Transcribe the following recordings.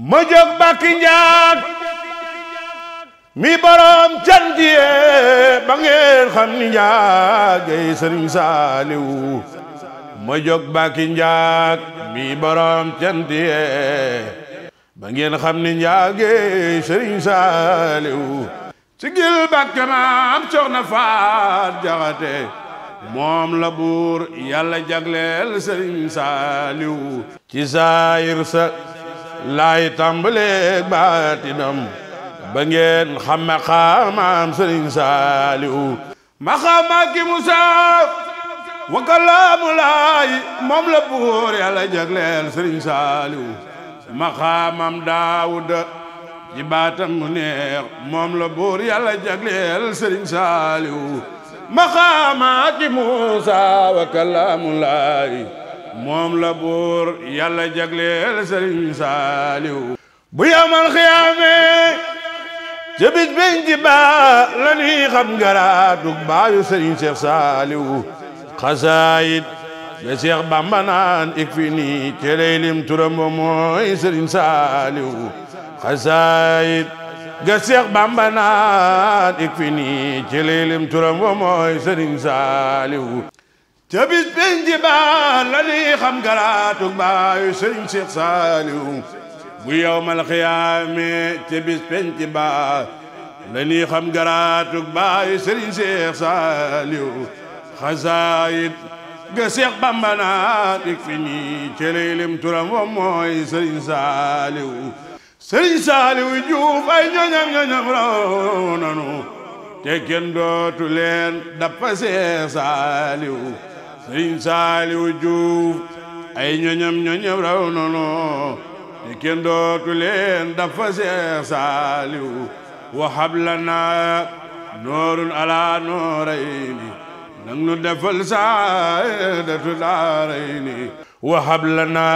ma jóg bàkki njaag mi borom cant yee xam ni njaagay sëriñ saaliwu ma jóg mi borom cant yee xam ni njaagay sëriñ saaliwu ci gil bàkke maam faat jaxate moom la buur yàlla jagleel sëriñ ci saayir sa laay tàmbaleeg baatinam ba ngeen xam maqaamam Sëriñ Saaliw maqaama ki Musa wa kalaamu laay moom la buur yàlla jagleel Sëriñ Saaliw maqaamam Daawuda ci baatam mu neex moom la buur yàlla jagleel Sëriñ Saaliw maqaama ki Musa wa kalaamu laay moom la buur yàlla jagleel sëriñ saaliw bu yamal xiyaamee ci bis biñ ci la ñuy xam garaatug baayu sëriñ Cheikh saaliw xasaayit ba Cheikh Bamba naan ik fi nii ci lay lim turam ba mooy sëriñ saaliw xasaayit ga Cheikh Bamba naan ik fi nii ci lay lim turam ba mooy sëriñ saaliw ca bis pénc ba la ñuy xam garaatug baayu sëriñ Cheikh Saliou bu yawmal xiyaame ca bis la ñuy xam garaatug baayu sëriñ Cheikh Saliou xasaayit ga Seex Bamba naa fi nii ca lay turam wa sëriñ Saliou sëriñ Saliou Juuf ay ñoñam ñoñam raw nanu te dootu leen dappa Seex Saliou sëriñ Saaliwu Juuf ay ñoñam ñoñam raw nono te kenn dootu leen dafa seex Saaliwu wa hablana noorun ala noorayni nang nu defal saadatu daarayni wa hablana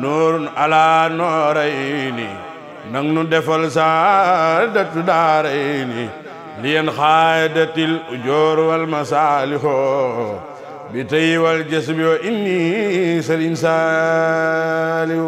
noorun ala noorayni nang nu defal saadatu daarayni liyan xaadatil ujoor wal masaaliho bi tey wal jës bi wa inni sëriñ Saaliw